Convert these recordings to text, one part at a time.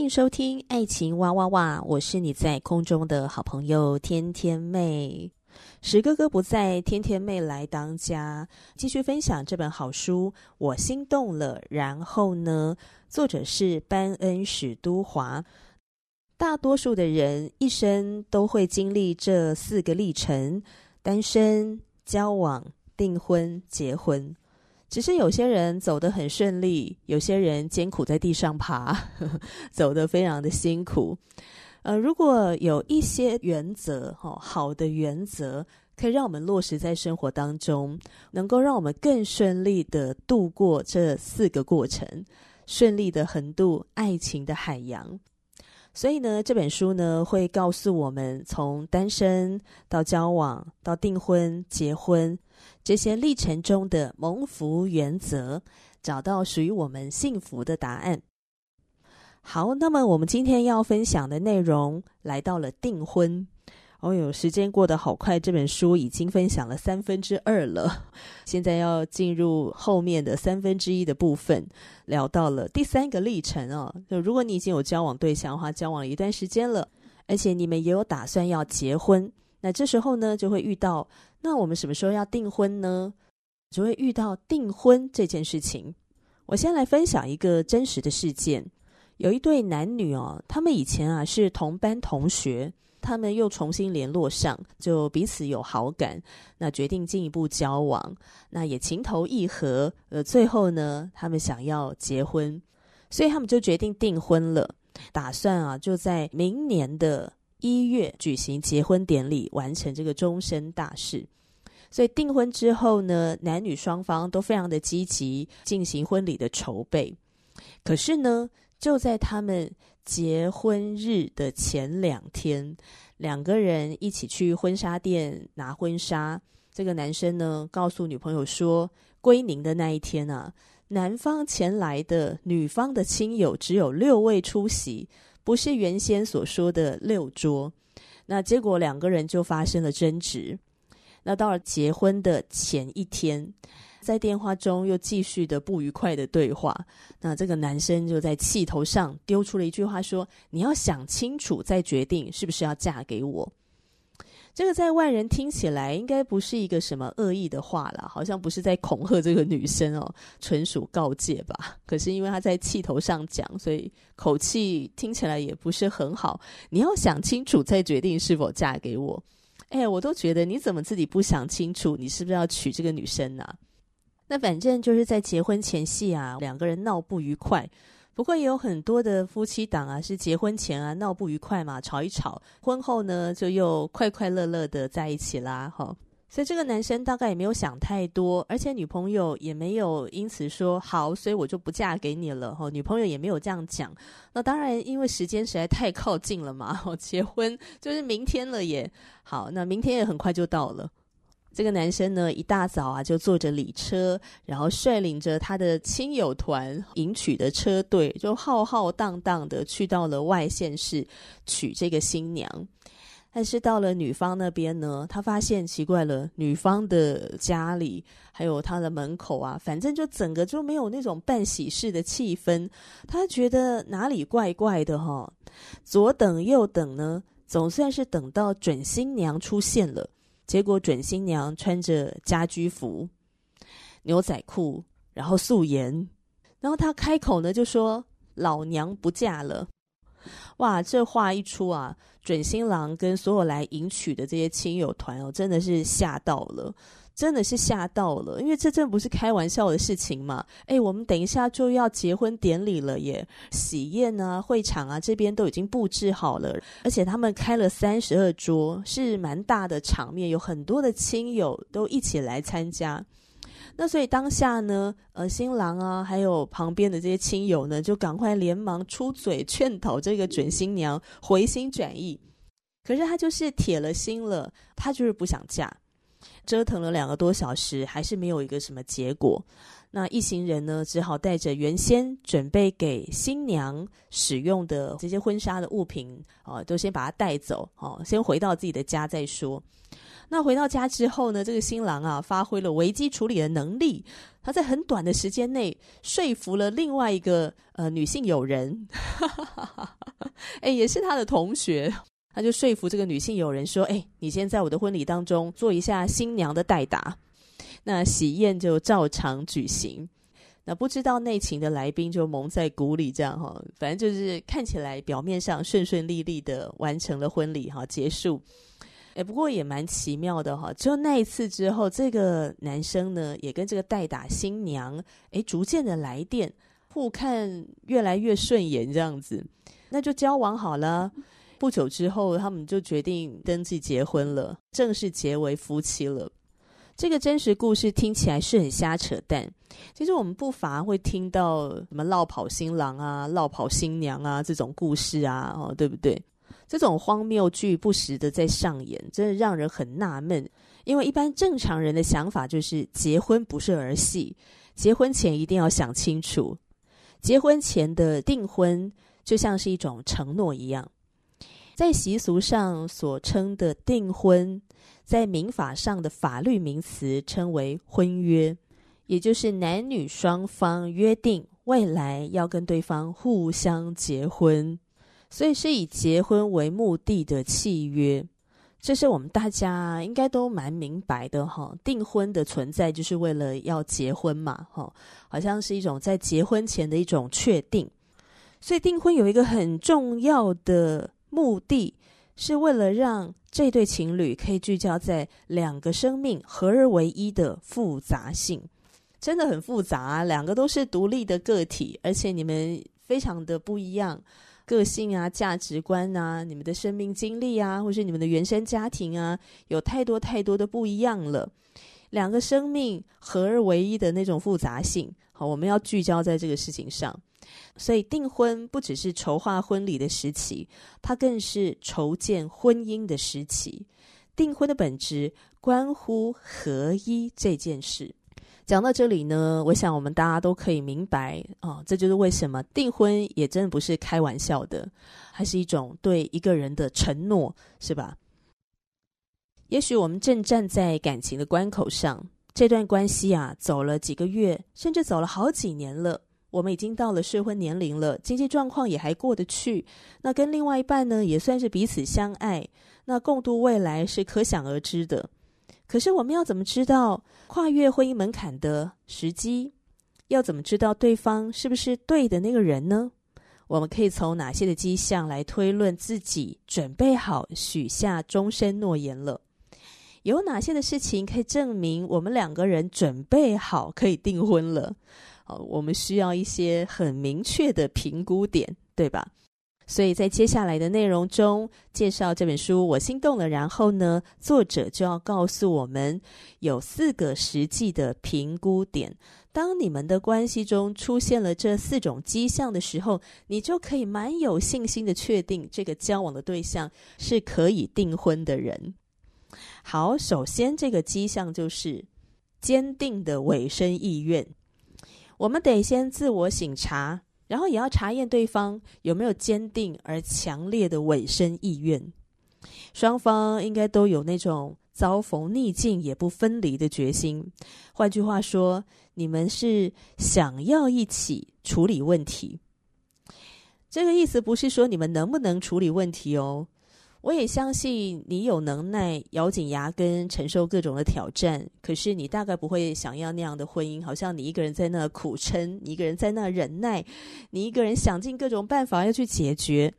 歡迎收聽《愛情哇哇哇》，我是你在空中的好朋友天天妹。史哥哥不在，天天妹來當家，繼續分享這本好書。我心動了，然後呢？作者是班恩史都華。大多數的人一生都會經歷這四個歷程：單身、交往、訂婚、結婚。只是有些人走得很順利，有些人艱苦在地上爬，呵呵，走得非常的辛苦。呃，如果有一些原則哈，哦，好的原則，可以讓我們落實在生活當中，能夠讓我們更順利的度過這四個過程，順利的橫渡愛情的海洋。所以呢，這本書呢，會告訴我們，從單身到交往，到訂婚、結婚。這些歷程中的蒙福原則，找到屬於我們幸福的答案。好，那麼我們今天要分享的內容來到了訂婚。哦呦，時間過得好快，這本書已經分享了三分之二了，現在要進入後面的三分之一的部分，聊到了第三個歷程啊、哦。就如果你已經有交往對象的話，交往了一段時間了，而且你們也有打算要結婚，那這時候呢，就會遇到。那我們什麼時候要訂婚呢？就會遇到訂婚這件事情。我先來分享一個真實的事件。有一對男女哦，他們以前啊是同班同學，他們又重新聯絡上，就彼此有好感，那決定進一步交往，那也情投意合。呃，最後呢，他們想要結婚，所以他們就決定訂婚了，打算啊就在明年的。一月舉行結婚典禮，完成這個終身大事。所以訂婚之後呢，男女雙方都非常的積極進行婚禮的籌備。可是呢，就在他們結婚日的前兩天，兩個人一起去婚紗店拿婚紗。這個男生呢，告訴女朋友說，歸寧的那一天啊，男方前來的女方的親友只有六位出席。不是原先所說的六桌，那結果兩個人就發生了爭執。那到了結婚的前一天，在電話中又繼續的不愉快的對話。那這個男生就在氣頭上丟出了一句話說：“你要想清楚再決定是不是要嫁給我。”這個在外人聽起來應該不是一個什麼惡意的話啦，好像不是在恐嚇這個女生哦，純屬告誡吧。可是因為他在氣頭上講，所以口氣聽起來也不是很好。你要想清楚再決定是否嫁給我。哎，我都覺得你怎麼自己不想清楚，你是不是要娶這個女生呢、啊？那反正就是在結婚前夕啊，兩個人鬧不愉快。不過也有很多的夫妻檔啊，是結婚前啊鬧不愉快嘛，吵一吵，婚後呢就又快快樂樂的在一起啦，哈、哦。所以這個男生大概也沒有想太多，而且女朋友也沒有因此說好，所以我就不嫁給你了，哈、哦。女朋友也沒有這樣講。那當然，因為時間實在太靠近了嘛，哦，結婚就是明天了耶，也好，那明天也很快就到了。這個男生呢，一大早啊，就坐着禮車，然後率領着他的親友團迎娶的車隊，就浩浩蕩蕩的去到了外縣市娶這個新娘。但是到了女方那邊呢，他發現奇怪了，女方的家裡還有她的門口啊，反正就整個就沒有那種辦喜事的氣氛。他覺得哪裡怪怪的哈，左等右等呢，總算是等到準新娘出現了。結果準新娘穿着家居服、牛仔褲，然後素顏，然後她開口呢就說：“老娘不嫁了！”哇，這話一出啊，準新郎跟所有來迎娶的這些親友團哦，真的是嚇到了。真的是嚇到了，因為這真不是開玩笑的事情嘛！誒，我們等一下就要結婚典禮了耶，也喜宴啊、會場啊，這邊都已經佈置好了，而且他們開了三十二桌，是蠻大的場面，有很多的親友都一起來參加。那所以當下呢，呃，新郎啊，還有旁邊的這些親友呢，就趕快連忙出嘴勸導這個準新娘回心轉意。可是她就是鐵了心了，她就是不想嫁。折騰了兩個多小時，還是沒有一個什麼結果。那一行人呢，只好帶着原先準備給新娘使用的這些婚紗的物品，啊、哦，都先把它帶走，哦，先回到自己的家再說。那回到家之後呢，這個新郎啊，發揮了危機處理的能力，他在很短的時間內說服了另外一個呃女性友人，哎、 欸，也是他的同學。他就說服這個女性友人說：“哎，你先在我的婚禮當中做一下新娘的代打，那喜宴就照常舉行。那不知道內情的來賓就蒙在鼓裡，這樣哈，反正就是看起來表面上順順利利的完成了婚禮哈，結束。哎，不過也蠻奇妙的哈。就那一次之後，這個男生呢，也跟這個代打新娘哎，逐漸的來電，互看越來越順眼，這樣子，那就交往好了。”不久之後，他們就決定登記結婚了，正式結為夫妻了。這個真實故事聽起來是很瞎扯淡。其實我們不乏會聽到什麼“落跑新郎”啊、“落跑新娘啊”啊這種故事啊，哦，對不對？這種荒謬劇不時的在上演，真的讓人很納悶。因為一般正常人的想法就是，結婚不是兒戲，結婚前一定要想清楚。結婚前的訂婚就像是一種承諾一樣。在習俗上所稱的訂婚，在民法上的法律名詞稱為婚約，也就是男女雙方約定未來要跟對方互相結婚，所以是以結婚為目的的契約。這是我們大家應該都蠻明白的哈。訂婚的存在就是為了要結婚嘛，哈，好像是一種在結婚前的一種確定。所以訂婚有一個很重要的。目的是為了讓這對情侶可以聚焦在兩個生命合而為一的複雜性，真的很複雜啊，兩個都是獨立的個體，而且你們非常的不一樣，個性啊、價值觀啊、你們的生命經歷啊，或是你們的原生家庭啊，有太多太多的不一樣了。兩個生命合而為一的那種複雜性，好，我們要聚焦在這個事情上。所以訂婚不只是籌劃婚禮的時期，它更是籌建婚姻的時期。訂婚的本質關乎合一這件事。講到這裡呢，我想我們大家都可以明白啊，哦，這就是為什麼訂婚也真的不是開玩笑的，還是一種對一個人的承諾，是吧？也許我們正站在感情的關口上，這段關係啊，走了幾個月，甚至走了好幾年了。我們已經到了適婚年齡了，經濟狀況也還過得去。那跟另外一半呢，也算是彼此相愛，那共度未來是可想而知的。可是，我們要怎麼知道跨越婚姻門檻的時機？要怎麼知道對方是不是對的那個人呢？我們可以從哪些的跡象來推論自己準備好許下終身諾言了？有哪些的事情可以證明我們兩個人準備好可以訂婚了？我們需要一些很明確的評估點，對吧？所以在接下來的內容中介紹這本書，我心動了。然後呢，作者就要告訴我們有四個實際的評估點。當你們的關係中出現了這四種跡象的時候，你就可以蠻有信心的確定這個交往的對象是可以訂婚的人。好，首先這個迹象就是堅定的委身意願。我們得先自我省察，然後也要查驗對方有沒有堅定而強烈的委身意願。雙方應該都有那種遭逢逆境也不分離的決心。換句話說，你們是想要一起處理問題。這個意思不是說你們能不能處理問題哦。我也相信你有能耐咬緊牙根，承受各種的挑戰，可是你大概不會想要那樣的婚姻，好像你一個人在那苦撐，你一個人在那忍耐，你一個人想盡各種辦法要去解決。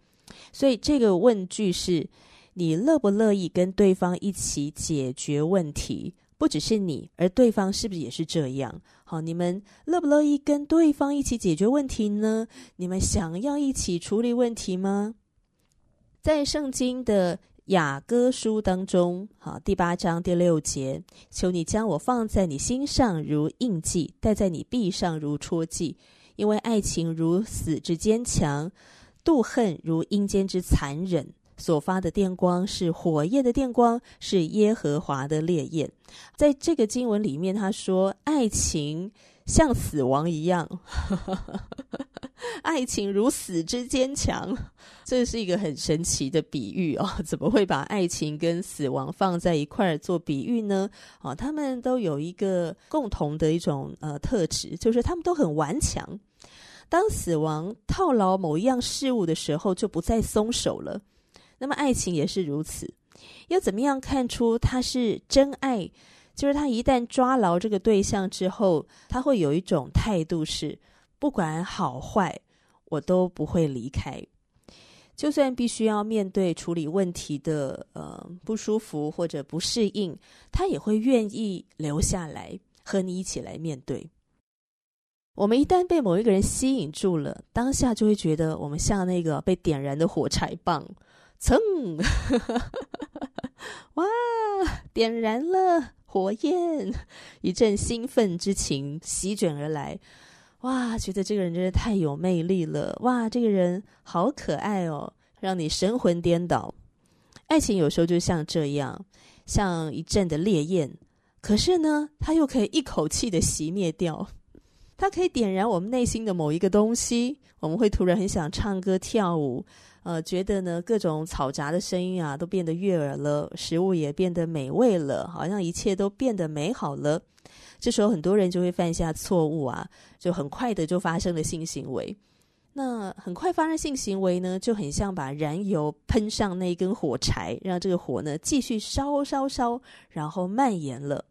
所以這個問句是：你樂不樂意跟對方一起解決問題？不只是你，而對方是不是也是這樣？好，你們樂不樂意跟對方一起解決問題呢？你們想要一起處理問題嗎？在聖經的雅歌書當中，好、啊、第八章第六節，求你將我放在你心上如印記，戴在你臂上如戳記，因為愛情如死之堅強，妒恨如陰間之殘忍。所發的電光是火焰的電光，是耶和華的烈焰。在這個經文裡面，他說，愛情像死亡一樣。 愛情如死之堅強，這是一個很神奇的比喻哦。怎麼會把愛情跟死亡放在一塊兒做比喻呢？哦，他們都有一個共同的一種呃特質，就是他們都很頑強。當死亡套牢某一樣事物的時候，就不再鬆手了。那麼愛情也是如此。要怎麼樣看出他是真愛？就是他一旦抓牢這個對象之後，他會有一種態度是。不管好壞，我都不會離開。就算必須要面對處理問題的呃不舒服或者不適應，他也會願意留下來和你一起來面對。我們一旦被某一個人吸引住了，當下就會覺得我們像那個被點燃的火柴棒，蹭， 哇，點燃了火焰，一陣興奮之情席捲而來。哇，覺得這個人真的太有魅力了！哇，這個人好可愛哦，讓你神魂顛倒。愛情有時候就像這樣，像一陣的烈焰，可是呢，它又可以一口氣的熄滅掉。它可以點燃我們內心的某一個東西，我們會突然很想唱歌跳舞。呃，覺得呢，各種嘈雜的聲音啊，都變得悅耳了，食物也變得美味了，好像一切都變得美好了。這時候很多人就會犯下錯誤啊，就很快的就發生了性行為。那很快發生性行為呢，就很像把燃油噴上那一根火柴，讓這個火呢繼續燒，燒燒燒，然後蔓延了。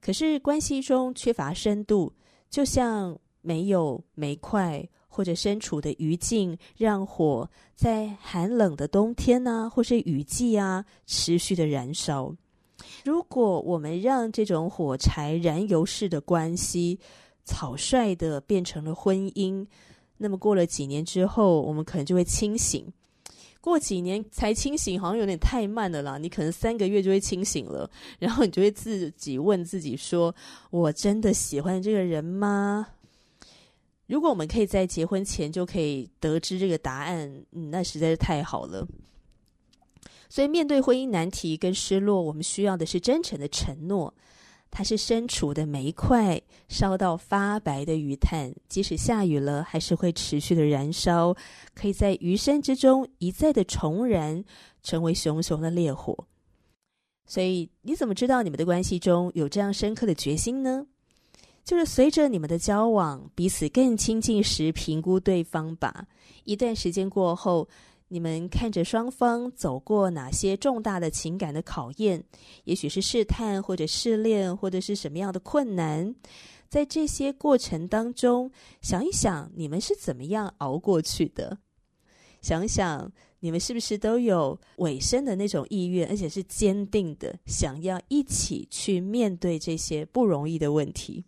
可是關係中缺乏深度，就像沒有煤塊或者深處的餘燼，讓火在寒冷的冬天吶、啊，或是雨季啊，持續的燃燒。如果我們讓這種火柴燃油式的關係草率的變成了婚姻，那麼過了幾年之後，我們可能就會清醒。過幾年才清醒，好像有點太慢了啦。你可能三個月就會清醒了，然後你就會自己問自己說：我真的喜歡這個人嗎？如果我們可以在結婚前就可以得知這個答案，那實在是太好了。所以，面對婚姻難題跟失落，我們需要的是真誠的承諾。它是深處的煤塊，燒到發白的餘炭，即使下雨了，還是會持續的燃燒，可以在餘生之中一再的重燃，成為熊熊的烈火。所以，你怎麼知道你們的關係中有這樣深刻的決心呢？就是隨着你們的交往，彼此更親近時評估對方吧。一段時間過後。你們看着雙方走過哪些重大的情感的考驗，也許是試探，或者試煉，或者是什麼樣的困難，在這些過程當中，想一想你們是怎麼樣熬過去的？想一想你們是不是都有委身的那種意願，而且是堅定的，想要一起去面對這些不容易的問題。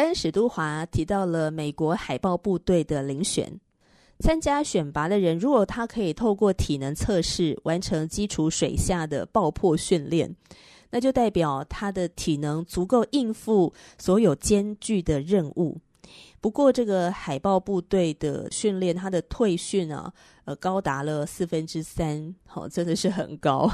跟史都華提到了美國海豹部隊的遴選，參加選拔的人，如果他可以透過體能測試，完成基礎水下的爆破訓練，那就代表他的體能足夠應付所有艱鉅的任務。不過，這個海豹部隊的訓練，他的退訓啊，呃，高達了四分之三，哦，真的是很高，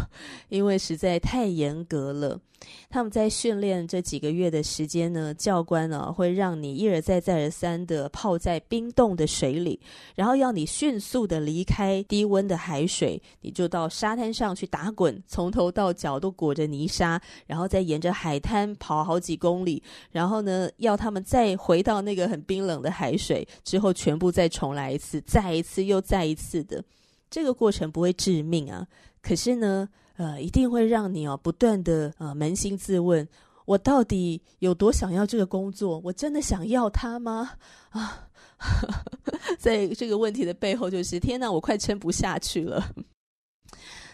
因為實在太嚴格了。他們在訓練這幾個月的時間呢，教官呢、啊，會讓你一而再、再而三的泡在冰凍的水裡，然後要你迅速的離開低溫的海水，你就到沙灘上去打滾，從頭到腳都裹着泥沙，然後再沿着海灘跑好幾公里，然後呢，要他們再回到那個很冰，冰冷的海水之後，全部再重來一次，再一次又再一次的，這個過程不會致命啊。可是呢，呃，一定會讓你哦不斷的呃捫心自問：我到底有多想要這個工作？我真的想要它嗎？啊， 在這個問題的背後，就是天哪，我快撐不下去了。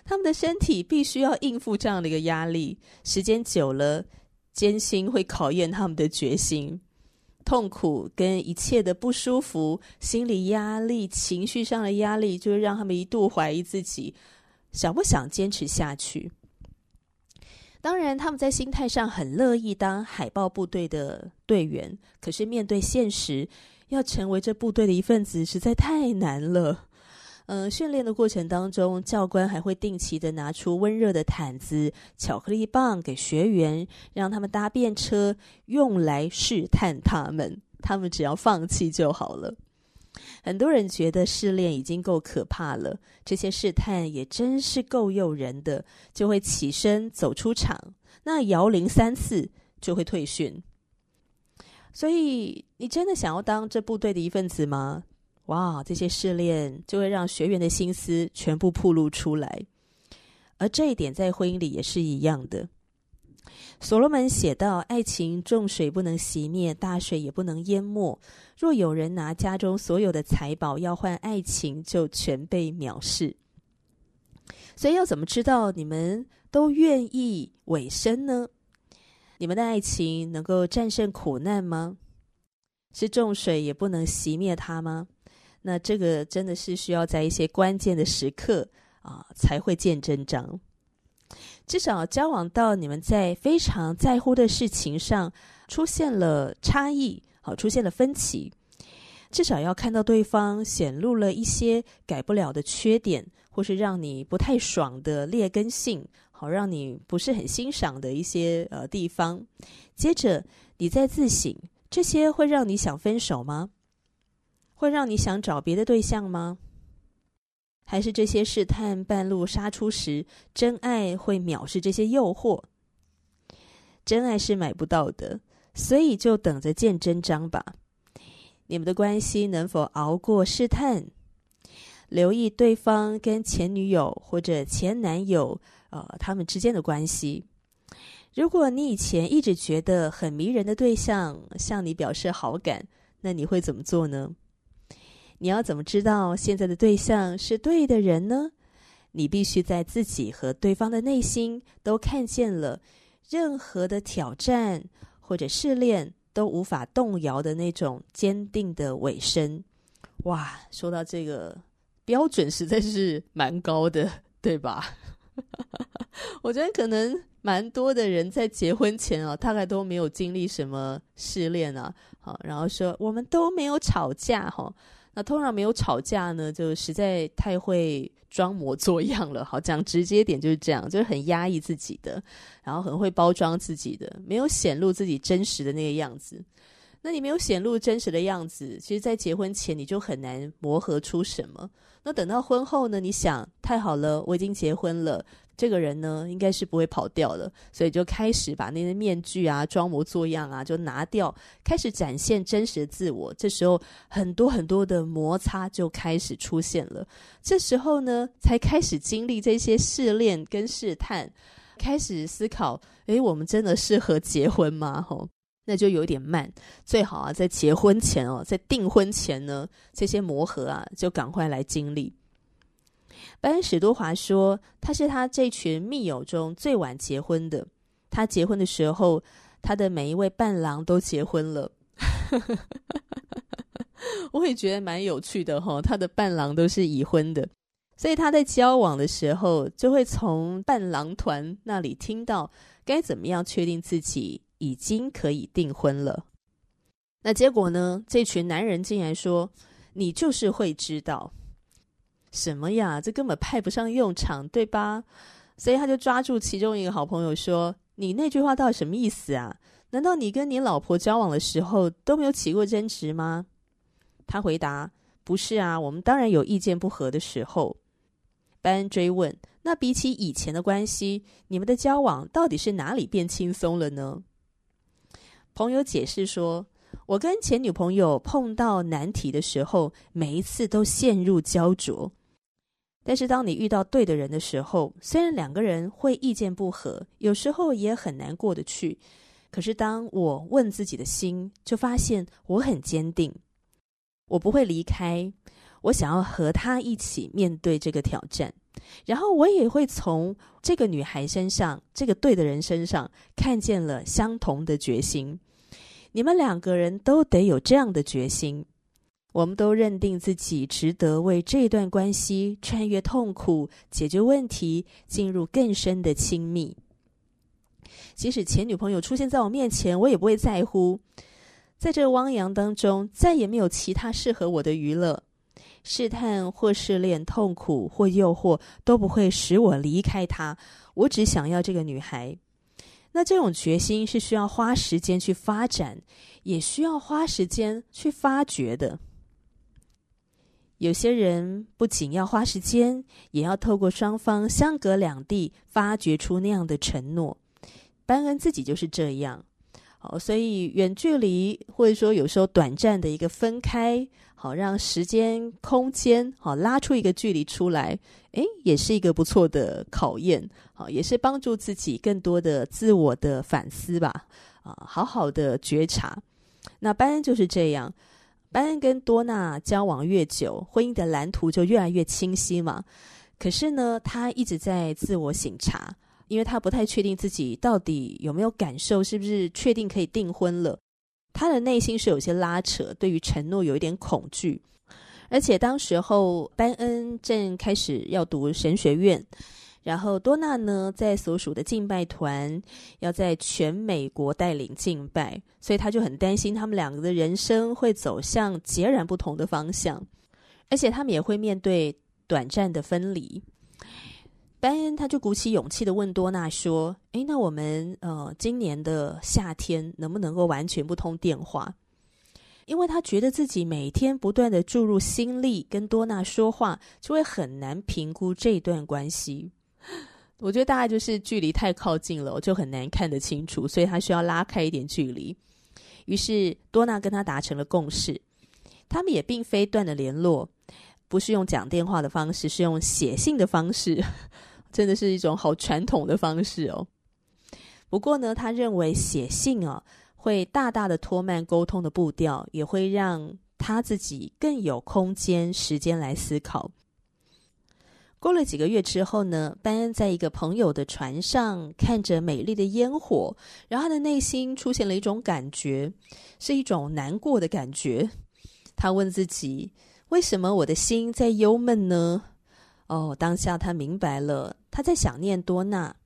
他們的身體必須要應付這樣的一個壓力，時間久了，艱辛會考驗他們的決心。痛苦跟一切的不舒服，心理壓力、情緒上的壓力，就會讓他們一度懷疑自己想不想堅持下去。當然，他們在心態上很樂意當海豹部隊的隊員，可是面對現實，要成為這部隊的一份子，實在太難了。嗯、呃，訓練的過程當中，教官還會定期的拿出溫熱的毯子、巧克力棒給學員，讓他們搭便車，用來試探他們。他們只要放棄就好了。很多人覺得試煉已經夠可怕了，這些試探也真是夠誘人的，就會起身走出場。那搖鈴三次就會退訓。所以，你真的想要當這部隊的一份子嗎？哇，這些試煉就會讓學員的心思全部暴露出來，而這一點在婚姻裡也是一樣的。所羅門寫道：“愛情眾水不能熄滅，大水也不能淹沒。若有人拿家中所有的財寶要換愛情，就全被藐視。”所以要怎麼知道你們都願意委身呢？你們的愛情能夠戰勝苦難嗎？是眾水也不能熄滅它嗎？那這個真的是需要在一些關鍵的時刻啊，才會見真章。至少交往到你們在非常在乎的事情上出現了差異，好，出現了分歧，至少要看到對方顯露了一些改不了的缺點，或是讓你不太爽的劣根性，好，讓你不是很欣賞的一些呃地方。接着你再自省，這些會讓你想分手嗎？會讓你想找別的對象嗎？還是這些試探半路殺出時，真愛會藐視這些誘惑？真愛是買不到的，所以就等着見真章吧。你們的關係能否熬過試探？留意對方跟前女友或者前男友，呃，他們之間的關係。如果你以前一直覺得很迷人的對象向你表示好感，那你會怎麼做呢？你要怎麼知道現在的對象是對的人呢？你必須在自己和對方的內心都看見了任何的挑戰或者試煉都無法動搖的那種堅定的委身。哇，說到這個標準實在是蠻高的，對吧？ 我覺得可能蠻多的人在結婚前啊，大概都沒有經歷什麼試煉啊。好，然後說我們都沒有吵架啊，通常沒有吵架呢，就實在太會裝模作樣了。好，講直接點就是這樣，就是很壓抑自己的，然後很會包裝自己的，沒有顯露自己真實的那個樣子。那你沒有顯露真實的樣子，其實，在結婚前你就很難磨合出什麼。那等到婚後呢？你想，太好了，我已經結婚了。這個人呢，應該是不會跑掉的，所以就開始把那些面具啊、裝模作樣啊，就拿掉，開始展現真實的自我。這時候很多很多的摩擦就開始出現了。這時候呢，才開始經歷這些試煉跟試探，開始思考：誒，我們真的適合結婚嗎？吼、哦，那就有點慢。最好啊，在結婚前哦，在訂婚前呢，這些磨合啊，就趕快來經歷。班史都華說：“他是他這群密友中最晚結婚的。他結婚的時候，他的每一位伴郎都結婚了。 我也覺得蠻有趣的吼、哦，他的伴郎都是已婚的，所以他在交往的時候，就會從伴郎團那裡聽到該怎麼樣確定自己已經可以訂婚了。那結果呢？這群男人竟然說：‘你就是會知道。’”什麼呀？這根本派不上用場，對吧？所以他就抓住其中一個好朋友說：“你那句話到底什麼意思啊？難道你跟你老婆交往的時候都沒有起過爭執嗎？”他回答：“不是啊，我們當然有意見不合的時候。”班追問：“那比起以前的關係，你們的交往到底是哪裡變輕鬆了呢？”朋友解釋說：“我跟前女朋友碰到難題的時候，每一次都陷入焦灼。”但是當你遇到對的人的時候，雖然兩個人會意見不合，有時候也很難過得去。可是當我問自己的心，就發現我很堅定，我不會離開。我想要和他一起面對這個挑戰，然後我也會從這個女孩身上、這個對的人身上，看見了相同的決心。你們兩個人都得有這樣的決心。我們都認定自己值得為這段關係穿越痛苦、解決問題、進入更深的親密。即使前女朋友出現在我面前，我也不會在乎。在這汪洋當中，再也沒有其他適合我的魚了。試探或試煉、痛苦或誘惑都不會使我離開她。我只想要這個女孩。那這種決心是需要花時間去發展，也需要花時間去發掘的。有些人不僅要花時間，也要透過雙方相隔兩地，發掘出那樣的承諾。班恩自己就是這樣，好，所以遠距離或者說有時候短暫的一個分開，好讓時間、空間好拉出一個距離出來，誒，也是一個不錯的考驗，好，也是幫助自己更多的自我的反思吧，啊，好好的覺察。那班恩就是這樣。班恩跟多娜交往越久，婚姻的藍圖就越來越清晰嘛。可是呢，他一直在自我省察，因為他不太確定自己到底有沒有感受，是不是確定可以訂婚了。他的內心是有些拉扯，對於承諾有一點恐懼，而且當時候班恩正開始要讀神學院。然後多娜呢，在所屬的敬拜團要在全美國帶領敬拜，所以他就很擔心他們兩個的人生會走向截然不同的方向，而且他們也會面對短暫的分離。丹恩他就鼓起勇氣的問多娜說：“誒，那我們呃今年的夏天能不能夠完全不通電話？因為他覺得自己每天不斷的注入心力跟多娜說話，就會很難評估這段關係。”我覺得大概就是距離太靠近了，就很難看得清楚，所以他需要拉開一點距離。於是多娜跟他達成了共識，他們也並非斷了聯絡，不是用講電話的方式，是用寫信的方式， 真的是一種好傳統的方式哦。不過呢，他認為寫信啊會大大的拖慢溝通的步調，也會讓他自己更有空間時間來思考。過了幾個月之後呢，班恩在一個朋友的船上看着美麗的煙火，然後他的內心出現了一種感覺，是一種難過的感覺。他問自己：“為什麼我的心在憂悶呢？”哦，當下他明白了，他在想念多娜。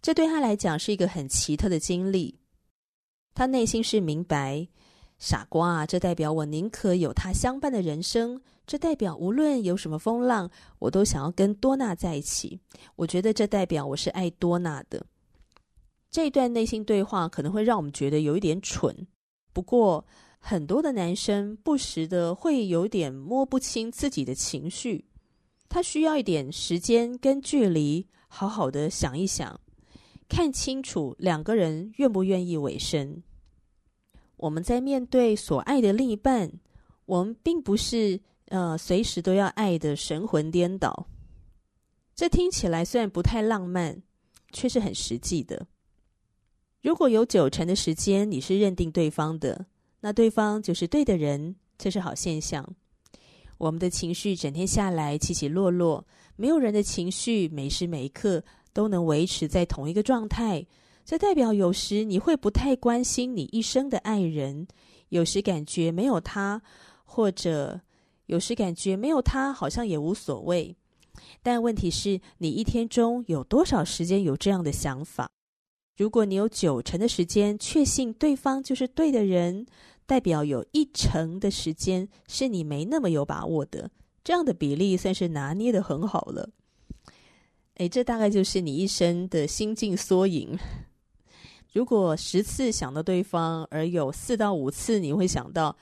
這對他來講是一個很奇特的經歷。他內心是明白，傻瓜啊，這代表我寧可有他相伴的人生。這代表無論有什麼風浪，我都想要跟多娜在一起。我覺得這代表我是愛多娜的。這段內心對話可能會讓我們覺得有一點蠢，不過很多的男生不時的會有點摸不清自己的情緒，他需要一點時間跟距離，好好的想一想，看清楚兩個人願不願意委身。我們在面對所愛的另一半，我們並不是。呃，隨時都要愛的神魂顛倒，這聽起來雖然不太浪漫，卻是很實際的。如果有九成的時間你是認定對方的，那對方就是對的人，這是好現象。我們的情緒整天下來起起落落，沒有人的情緒每時每刻都能維持在同一個狀態，這代表有時你會不太關心你一生的愛人，有時感覺沒有他，或者。有時感覺沒有他好像也無所謂，但問題是你一天中有多少時間有這樣的想法？如果你有九成的時間確信對方就是對的人，代表有一成的時間是你沒那麼有把握的。這樣的比例算是拿捏得很好了。誒，這大概就是你一生的心境縮影。如果十次想到對方，而有四到五次你會想到。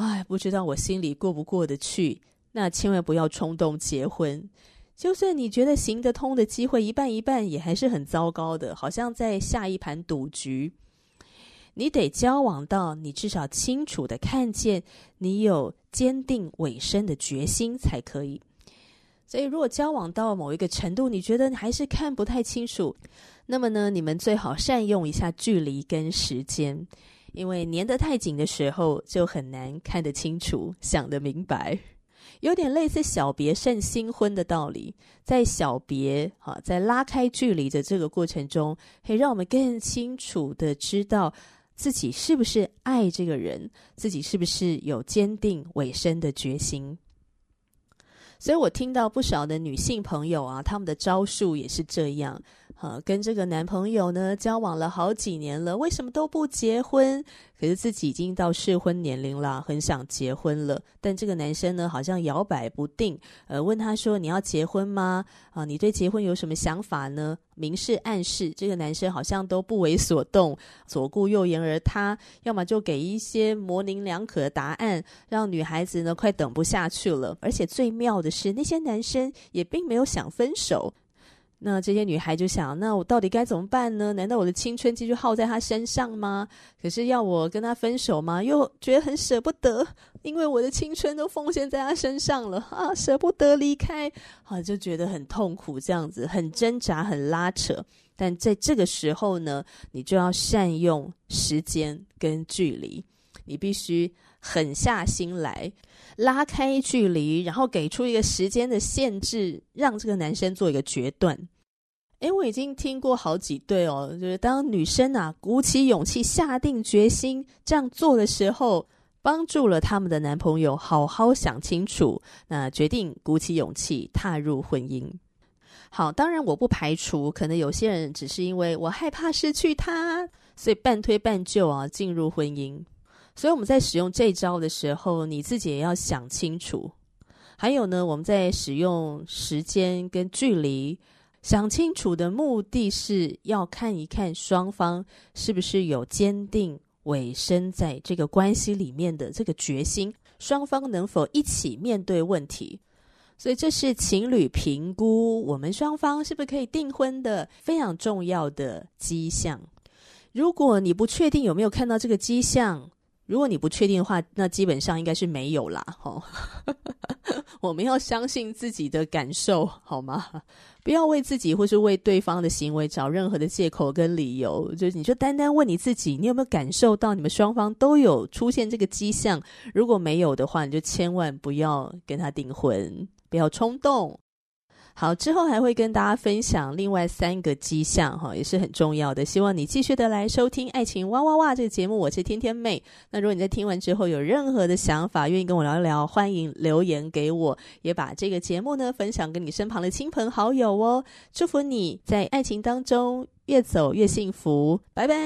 哎，不知道我心裡過不過得去？那千萬不要衝動結婚。就算你覺得行得通的機會一半一半，也還是很糟糕的，好像在下一盤賭局。你得交往到你至少清楚的看見，你有堅定委身的決心才可以。所以，如果交往到某一個程度，你覺得你還是看不太清楚，那麼呢，你們最好善用一下距離跟時間。因為粘得太緊的時候，就很難看得清楚、想得明白，有點類似小別勝新婚的道理。在小別啊，在拉開距離的這個過程中，可以讓我們更清楚地知道自己是不是愛這個人，自己是不是有堅定委身的決心。所以我聽到不少的女性朋友啊，她們的招數也是這樣。啊，跟這個男朋友呢交往了好幾年了，為什麼都不結婚？可是自己已經到適婚年齡了，很想結婚了，但這個男生呢好像搖擺不定。呃，問他說：“你要結婚嗎？”啊，你對結婚有什麼想法呢？明示暗示，這個男生好像都不為所動，左顧右言而他，要麼就給一些模棱兩可的答案，讓女孩子呢快等不下去了。而且最妙的是，那些男生也並沒有想分手。那這些女孩就想：那我到底該怎麼辦呢？難道我的青春繼續耗在她身上嗎？可是要我跟她分手嗎？又覺得很舍不得，因為我的青春都奉獻在她身上了啊，舍不得離開啊，就覺得很痛苦，這樣子很掙扎，很拉扯。但在這個時候呢，你就要善用時間跟距離，你必須。狠下心來，拉開距離，然後給出一個時間的限制，讓這個男生做一個決斷。誒，我已經聽過好幾對哦，就是當女生啊鼓起勇氣下定決心這樣做的時候，幫助了她們的男朋友好好想清楚，那決定鼓起勇氣踏入婚姻。好，當然我不排除可能有些人只是因為我害怕失去他，所以半推半就啊進入婚姻。所以我們在使用這招的時候，你自己也要想清楚。還有呢，我們在使用時間跟距離，想清楚的目的是要看一看雙方是不是有堅定委身在這個關係裡面的這個決心，雙方能否一起面對問題。所以這是情侶評估我們雙方是不是可以訂婚的非常重要的跡象。如果你不確定有沒有看到這個跡象，如果你不確定的話，那基本上應該是沒有啦。哈、哦， 我們要相信自己的感受，好嗎？不要為自己或是為對方的行為找任何的借口跟理由。就是你就單單問你自己，你有沒有感受到你們雙方都有出現這個跡象？如果沒有的話，你就千萬不要跟他訂婚，不要衝動。好，之後還會跟大家分享另外三個跡象，哈，也是很重要的。希望你繼續的來收聽《愛情哇哇哇》這個節目，我是天天妹。那如果你在聽完之後有任何的想法，願意跟我聊一聊，歡迎留言給我，也把這個節目呢分享給你身旁的親朋好友哦。祝福你在愛情當中越走越幸福，拜拜。